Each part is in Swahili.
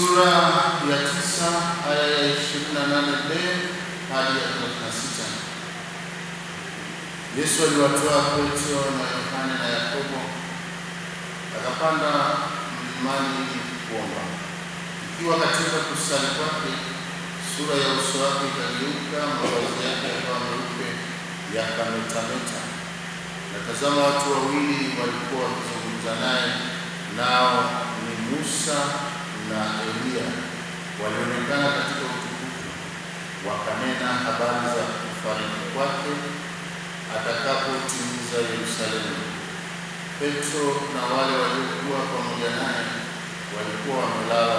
sura ya tisa aya ya ishirini na nane b hadi ya thelathini na sita Yesu aliwatoa Petro na Yohane na Yakobo akapanda mlimani kuomba. Ikiwa katika kusali kwake sura ya uso wake ikageuka, mavazi yake yakawa meupe yakametameta. natazama watu wawili walikuwa wakizungumza naye, nao ni Musa na Elia walionekana katika utukufu, wakanena habari za kufariki kwake atakapotimiza Yerusalemu. Petro na wale waliokuwa pamoja naye walikuwa wamelala,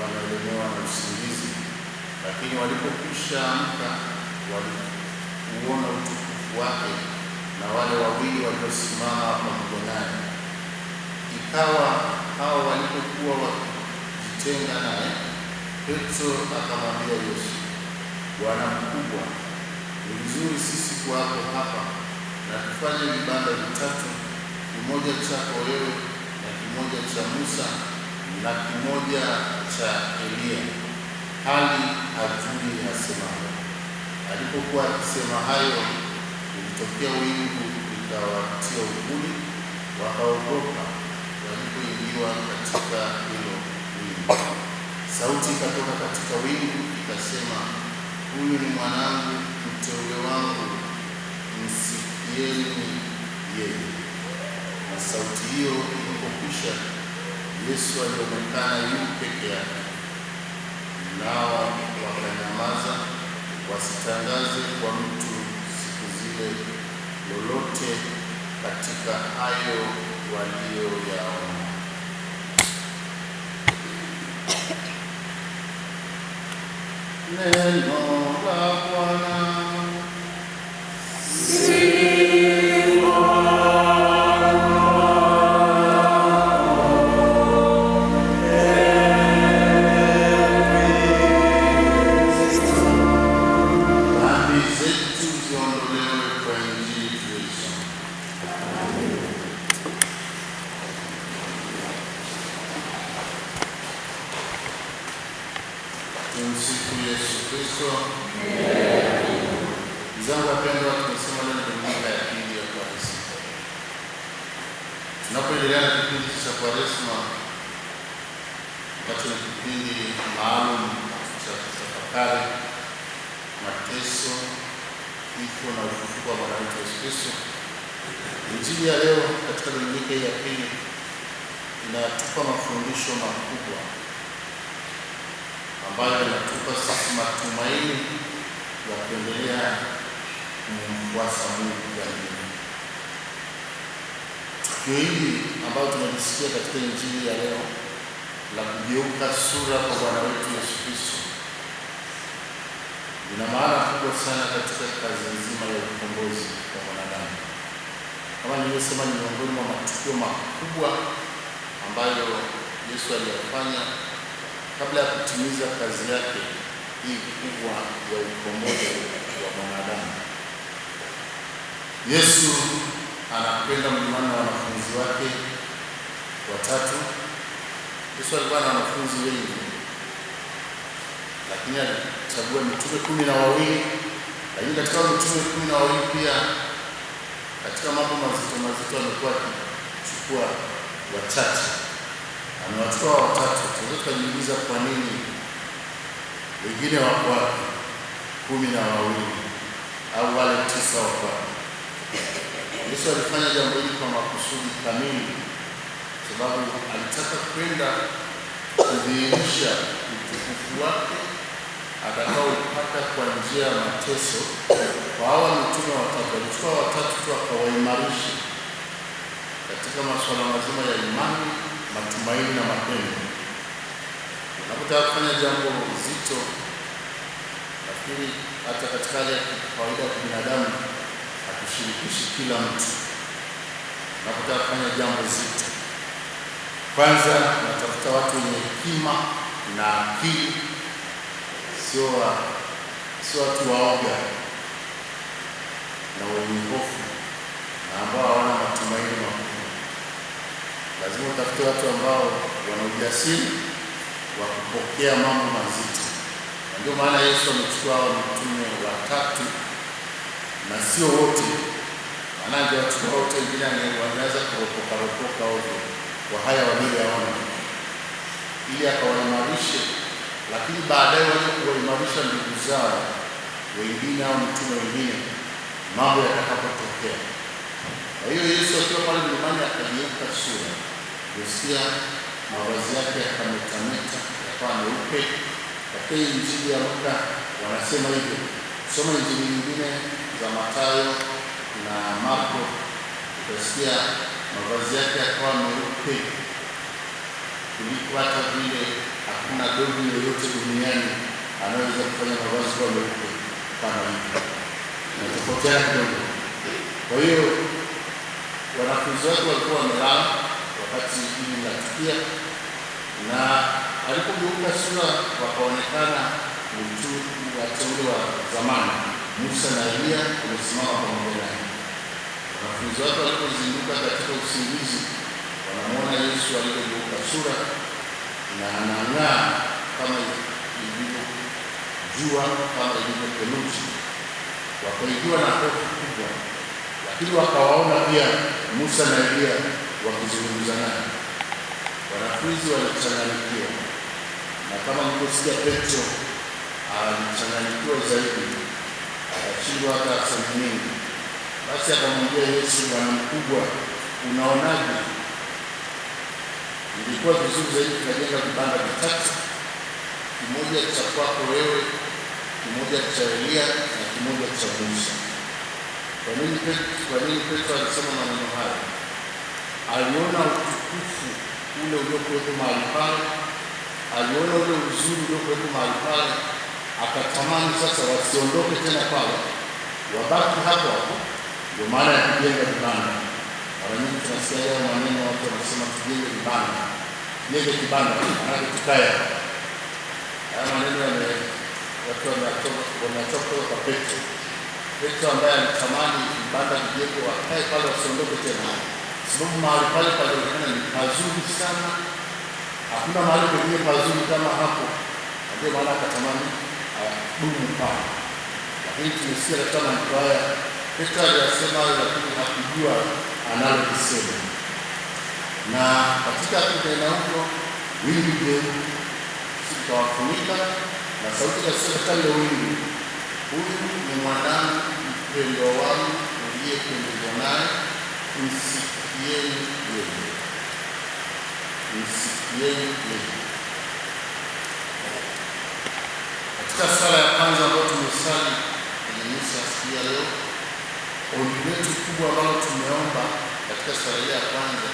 wamelemewa na usingizi, lakini walipokwisha amka walikuona utukufu wake na wale wawili waliosimama pamoja naye. Ikawa hao walipokuwa tena naye Petro akamwambia Yesu, Bwana mkubwa, ni vizuri sisi kuwako hapa na tufanye vibanda vitatu, kimoja chako wewe na kimoja cha Musa na kimoja cha Eliya, hali hajui asemayo. Alipokuwa akisema hayo, ilitokea wingu likawatia uvuli, wakaogopa walipoingiwa katika hilo Sauti ikatoka katika wingu ikasema, huyu ni mwanangu mteule wangu, msikieni yeye. Na sauti hiyo ilipokwisha, Yesu alionekana yu peke yake, nao wakanyamaza, wasitangaze kwa mtu siku zile lolote katika hayo waliyoyaona. 내 너라고 하나 tafakari mateso, kifo na ufufuko wa Bwana wetu Yesu Kristo. Injili ya leo katika dominika hii ya pili inatupa mafundisho makubwa ambayo inatupa sisi matumaini ya kuendelea kumfuasa Mungu daima. Tukio hili ambayo tunajisikia katika injili ya leo la kugeuka sura kwa Bwana wetu Yesu Kristo ina maana kubwa sana katika kazi nzima ya ukombozi wa mwanadamu. Kama nilivyosema, ni miongoni mwa matukio makubwa ambayo Yesu aliyafanya kabla ya kutimiza kazi yake hii kubwa ya ukombozi wa mwanadamu. Yesu anakwenda mlimani na wanafunzi wake watatu. Yesu alikuwa na wanafunzi wengi lakini alichagua mitume kumi na wawili. Lakini katika mitume kumi na wawili pia katika mambo mazito mazito amekuwa akichukua wachache, amewachukua watatu. Tunaweza tukajiuliza kwa nini wengine wako wapi? kumi na wawili au wale tisa wako wapi? Yesu alifanya jambo hili kwa makusudi kamili, sababu alitaka kwenda kudhihirisha utukufu wake atakaopata kwa njia ya mateso. Kwa hawa mitume watatu, alichukua watatu tu akawaimarisha katika masuala mazima ya imani, matumaini na mapendo. Unapotaka kufanya jambo zito, lakini hata katika hali ya kawaida ya kibinadamu hatushirikishi kila mtu. Unapotaka kufanya jambo zito, kwanza natafuta watu wenye hekima na akili sio sio watu waoga na wenye hofu na ambao hawana matumaini makubwa. Lazima utafute watu ambao wana ujasiri wa kupokea mambo mazito, na ndio maana Yesu amechukua hao mitume watatu na sio wote, maanake watu wote wengine wanaweza kuropokaropoka ovyo, kwa haya wawili hawana, ili akawaimarishe lakini baadaye waje kuwaimarisha ndugu zao wengine au mitume wengine mambo yatakapotokea. Kwa hiyo Yesu akiwa pale mlimani akageuka sura, kusikia mavazi yake yakametameta, yakawa meupe. Lakini Injili ya Luka wanasema hivyo. Soma Injili nyingine za Mathayo na Marko, utasikia mavazi yake yakawa meupe kuliko hata vile. Hakuna dobi yoyote duniani anaweza kufanya mavazi kuwa meupe kama hivyo, natofautiana kidogo. Kwa hiyo wanafunzi wake walikuwa wamelala wakati hili linatukia, na alipogeuka sura wakaonekana ni mtu wateule wa zamani Musa na Elia wamesimama pamoja naye. Wanafunzi wake walipozinduka katika usingizi Tunamuona Yesu aliyegeuka sura na anang'aa kama ilivyo jua, kama ilivyo theluji. Wakaingiwa na hofu kubwa, lakini wakawaona pia Musa na Elia wakizungumza naye. Wanafunzi walichanganyikiwa, na kama mlivyosikia, Petro alichanganyikiwa zaidi, akashindwa hata aseme nyingi Basi akamwambia Yesu, Bwana mkubwa, unaonaje? Ilikuwa vizuri zaidi tunajenga vibanda vitatu, kimoja cha kwako wewe, kimoja cha Elia na kimoja cha Musa. Kwa nini? Petro alisema maneno hayo? Aliona utukufu ule uliokuwepo mahali pale, aliona ule uzuri uliokuwepo mahali pale, akatamani sasa wasiondoke tena pale, wabaki hapo hapo. Ndio maana ya kujenga vibanda. Mara nyingi tunasikia maneno watu wanasema tujenge vibanda, tujenge kibanda, maana tukaya. Haya maneno watu wametoka kwa Petro. Petro ambaye alitamani vibanda vijengwe, wakae pale wasiondoke tena, sababu mahali pale palionekana ni pazuri sana. Hakuna mahali pengine pazuri kama hapo, ndio maana akatamani adumu pale, lakini tumesikia katika maandiko haya Petro aliyasema lakini hakujua analokisema, na katika tutaenda huko wingu jeupe sitawafunika na sauti ya katika ya wingu, huyu ni mwanangu mpendwa wangu uliyependezwa naye, msikieni yeye, msikieni yeye. Katika sala ya kwanza ambayo tumesali kwenye misa ya leo Ombi letu kubwa ambalo tumeomba katika swala ya kwanza,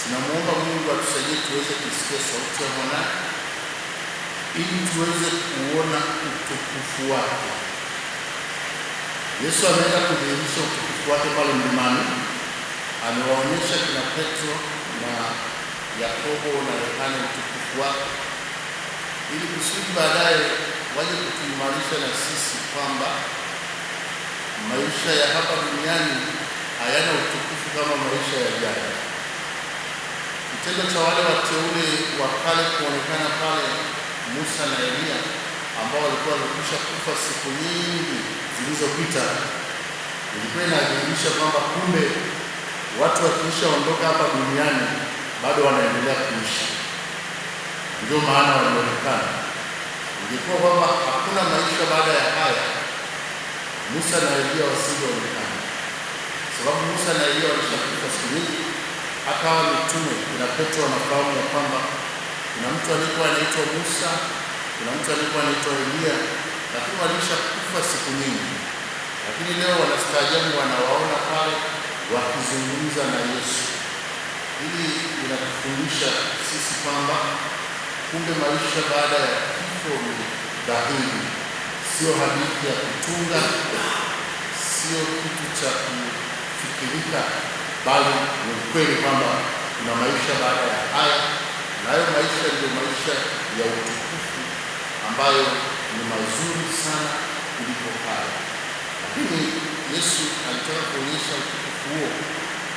tunamwomba Mungu atusaidie tuweze kusikia sauti ya mwanae ili tuweze kuona utukufu wake. Yesu ameenda kudhihirisha utukufu wake pale mlimani, amewaonyesha kina Petro na Yakobo na Yohana utukufu wake, ili kusudi baadaye waje kutuimarisha na sisi kwamba maisha ya hapa duniani hayana utukufu kama maisha ya jana. Kitendo cha wale wateule wa kale kuonekana pale Musa na elia ambao walikuwa wamekwisha kufa siku nyingi zilizopita ilikuwa inadhihirisha kwamba kumbe watu wakishaondoka hapa duniani bado wanaendelea kuishi. Ndio maana wanaonekana, ingekuwa kwamba hakuna maisha baada ya haya Musa na Elia wasingeonekana, sababu Musa na Elia walishafika siku nyingi, akawa mitume. na Petro anafahamu ya kwamba kuna mtu alikuwa anaitwa Musa, kuna mtu alikuwa anaitwa Elia, lakini walishakufa siku nyingi. Lakini leo wanastaajabu, wanawaona pale wakizungumza na Yesu. Hili linatufundisha sisi kwamba kumbe maisha baada ya kifo ni dhahiri sio hadithi ya kutunga, sio kitu cha kufikirika, bali ni ukweli kwamba kuna maisha baada ya haya, nayo maisha ndiyo maisha ya utukufu ambayo ni mazuri sana kuliko haya. Lakini Yesu alitaka kuonyesha utukufu huo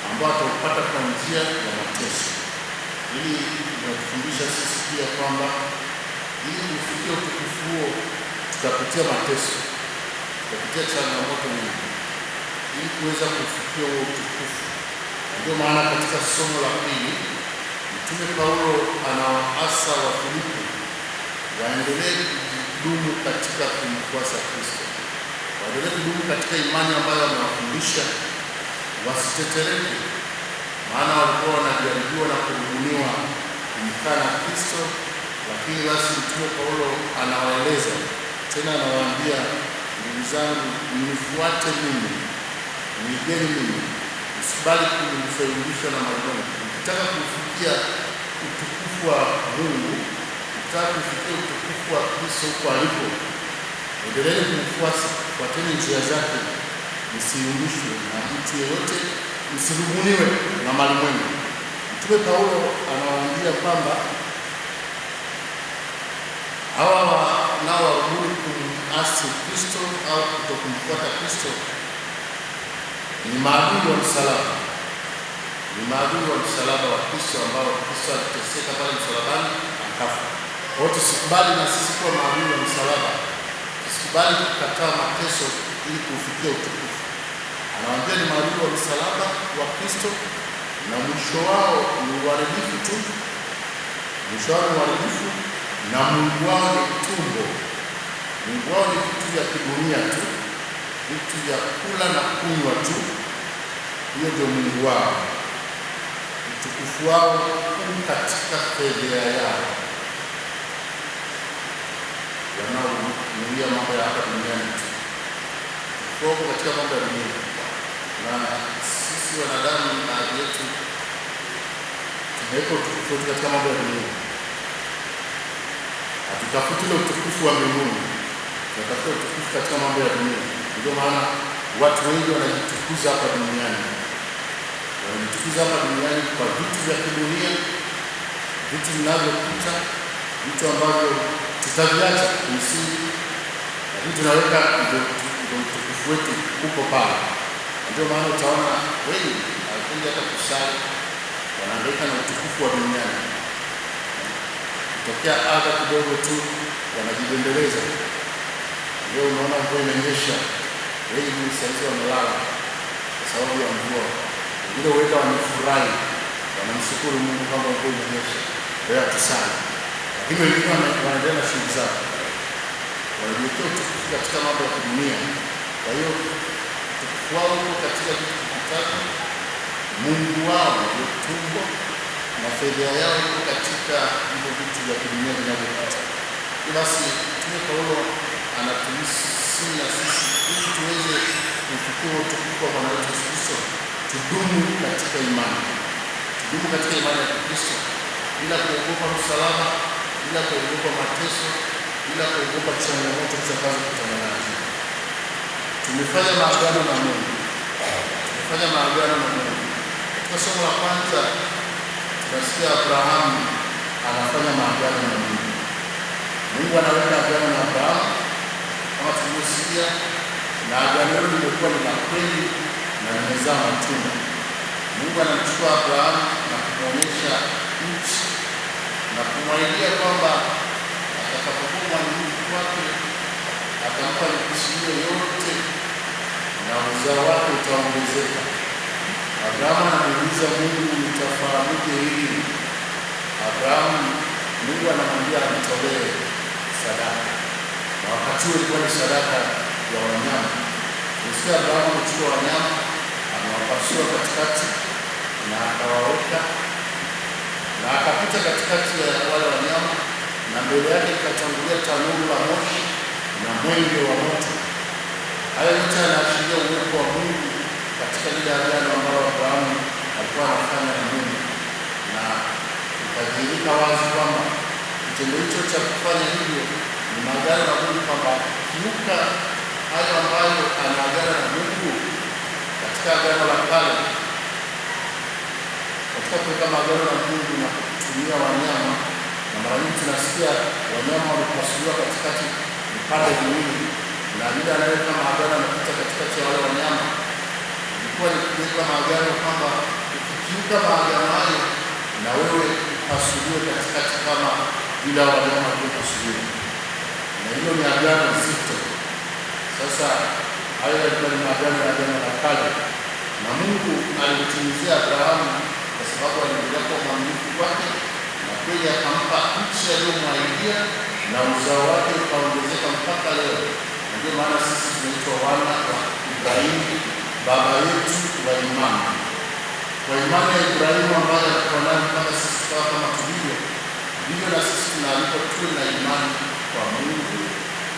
ambao ataupata kwa njia ya mateso. ili inatufundisha sisi pia kwamba ili kufikia utukufu huo tutapitia mateso, tutapitia changamoto nyingi ili kuweza kufikia huo utukufu. Ndio maana katika somo la pili Mtume Paulo anawaasa Wafilipi waendelee kudumu katika kumfuasa Kristo, waendelee kudumu katika imani ambayo amewafundisha, wasitetereke, maana walikuwa wanajaribiwa na kudhulumiwa kumkana Kristo, lakini basi Mtume Paulo anawaeleza tena anawaambia ndugu zangu, nifuate mimi, nigeni mimi, usibali kunifaidisha na magongo. Ukitaka kufikia utukufu wa Mungu, ukitaka kufikia utukufu wa Kristo huko alipo, endeleni kumfuasa, fuateni njia zake, msiungushwe na mtu yeyote, msirubuniwe na mwengu. Mtume Paulo anawaambia kwamba hawa kumwasi Kristo au kutokumfuata Kristo ni maadui wa msalaba, ni maadui wa msalaba wa Kristo ambao Kristo aliteseka pale msalabani akafa. Kwa hiyo tusikubali na sisi kuwa maadui wa msalaba, tusikubali kukataa mateso ili kuufikia utukufu. Anawaambia ni maadui wa msalaba wa Kristo, na mwisho wao ni uharibifu tu, mwisho wao ni uharibifu na Mungu wao ni tumbo wao ni vitu vya kidunia tu, vitu vya kula na kunywa tu. Hiyo ndio Mungu wao, utukufu wao u katika fedheha yao, wanaonuia mambo ya hapa duniani tu, tuko katika mambo ya dunia. Na sisi wanadamu na yetu tunaweka utukufu katika mambo ya dunia, hatutafuti ule utukufu wa mbinguni tunatakiwa utukufu katika mambo ya dunia. Ndio maana watu wengi wanajitukuza hapa duniani, wanajitukuza hapa duniani kwa vitu vya kidunia, vitu vinavyopita, vitu ambavyo tutaviacha kimsingi, lakini tunaweka ndio utukufu wetu huko pale. Ndio maana utaona wengi hawapendi hata kusali, wanaangaika na utukufu wa duniani, kutokea adha kidogo tu wanajibembeleza. Leo unaona mvua inanyesha, wengi saizi wamelala kwa sababu ya mvua, wengine huenda wamefurahi, wanamshukuru Mungu kwamba mvua inanyesha, leo hatusali, lakini wengine wanaendelea na shughuli zao, wanajiwekea utukufu katika mambo ya kidunia. Kwa hiyo utukufu wao uko katika vitu vitatu, Mungu wao uliotumbwa na fedha yao iko katika hivyo vitu vya kidunia vinavyopata. Basi tumie anatuisia sisi ili tuweze kumshukuru utukufu wa Bwana wetu Yesu Kristo. Tudumu katika imani, tudumu katika imani ya Kristo bila kuogopa msalaba, bila kuogopa mateso, bila kuogopa changamoto kutana nazo. Tumefanya maagano na Mungu, tumefanya maagano na Mungu. Katika somo la kwanza tunasikia Abrahamu anafanya maagano na Mungu. Mungu anaweka kujifunza, na agano hilo lilikuwa lina kweli na limezaa matunda. Mungu anamchukua Abrahamu na kumwonyesha nchi na kumwahidia kwamba atakapokuwa mwanamke kwake atampa nchi hiyo yote na uzao wake utaongezeka. Abrahamu anamuuliza Mungu, nitafahamike hili? Abrahamu, Mungu anamwambia amtolee sadaka, na wakati huo ilikuwa ni sadaka ya wanyama. Yesu Abrahamu kuchukua wanyama anawapasua katikati na akawaweka na akapita katikati ya wale wanyama, na mbele yake ikatangulia tanuru la moshi na mwenge wa moto. Hayo yote yanaashiria uwepo wa Mungu katika lile agano ambalo Abrahamu alikuwa anafanya na Mungu, na ikajirika wazi kwamba kitendo hicho cha kufanya hivyo ni magari ya Mungu kwamba kiuka hayo ambayo anaagana na Mungu katika agano la kale, katika kuweka maagano na Mungu na kutumia wanyama, na mara nyingi tunasikia wanyama wamepasuliwa katikati vipande viwili, na yule anayeweka maagano anapita katikati ya wale wanyama. Ilikuwa ni kuweka maagano kwamba ukikiuka maagano hayo, na wewe upasuliwe katikati kama bila wanyama waliopasuliwa, na hiyo ni agano zito. Sasa hayo yalikuwa ni maagano ya Agano la Kale, na Mungu alitimizia Abrahamu kwa sababu aliendelea kuwa mwaminifu kwake, na kweli akampa nchi aliyomwahidia, na uzao wake ukaongezeka mpaka leo. ndio maana sisi tunaitwa wana wa Ibrahimu, baba yetu wa imani. Kwa imani ya Ibrahimu ambayo alikuwa nayo mpaka sisi tukawa kama tulivyo, ndivyo na sisi tunaalikwa tuwe na imani kwa Mungu,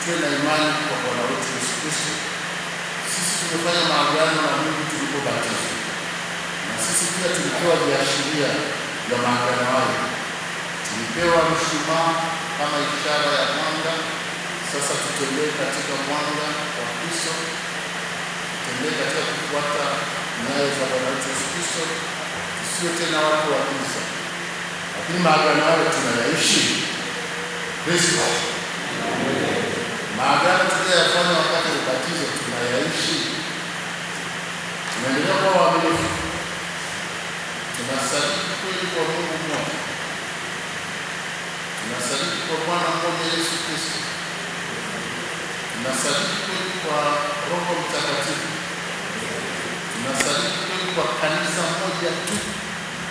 tuwe na imani kwa Bwana wetu Kristo, sisi tumefanya maagano na Mungu tulipobatizwa, na sisi pia tulipewa viashiria vya maagano hayo. Tulipewa mshumaa kama ishara ya mwanga. Sasa tutembee katika mwanga wa Kristo, tutembee katika kufuata nyayo za Bwana wetu Yesu Kristo, tusiwe tena watu wa giza, lakini maagano hayo tunayaishi Kristo. Tunaendelea kuwa waaminifu, tunasadiki kweli kwa Mungu mmoja, tunasadiki kwa Bwana mmoja Yesu Kristo, tunasadiki kweli kwa Roho Mtakatifu, tunasadiki kweli kwa kanisa moja tu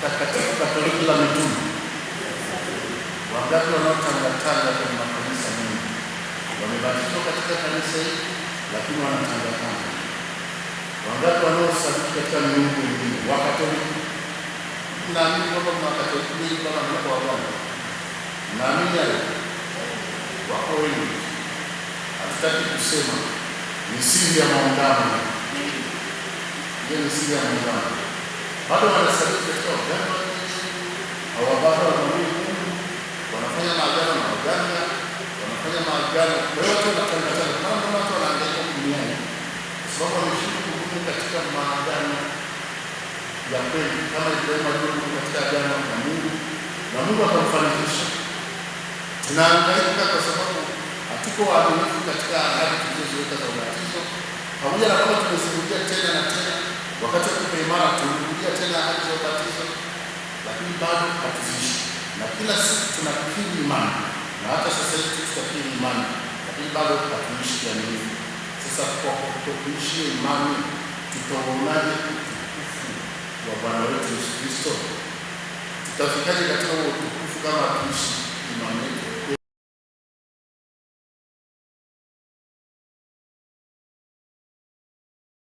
takatifu Katoliki la mitume. Wangapi wanaotangatanga kwenye makanisa mengi wamebatizwa katika kanisa hili, lakini wanatangatanga? Wangapi wanao kusadiki katika miungu mingine. Wakatoliki naamini kwamba kuna Wakatoliki wengi kama niko Waganda, naamini hayo, wako wengi. Hatutaki kusema ni siri ya maungano, hiyo ni siri ya maungano, bado wanasadiki katika Uganda, hawababa wanamwili Mungu, wanafanya maagano na Waganda, wanafanya maagano yote, wanatangatana kama watu wanaangaika duniani kwa sababu wameshika katika maagano ya kweli kama Ibrahimu alivyodumu katika agano na Mungu na Mungu akamfanikisha. Tunaangaika kwa sababu hatuko waaminifu katika ahadi tulizoziweka za ubatizo, pamoja na kwamba tumesimulia tena na tena, wakati wa imara tulirudia tena ahadi za ubatizo, lakini bado hatuziishi, na kila siku tunakiri imani na hata sasa hivi tutakiri imani, lakini bado hatuishi kiaminifu. Sasa kwa kutokuishi imani utongomaji utukufu wa Bwana wetu Yesu Kristo. Tutafikaje katika utukufu kama hatuishi imani yetu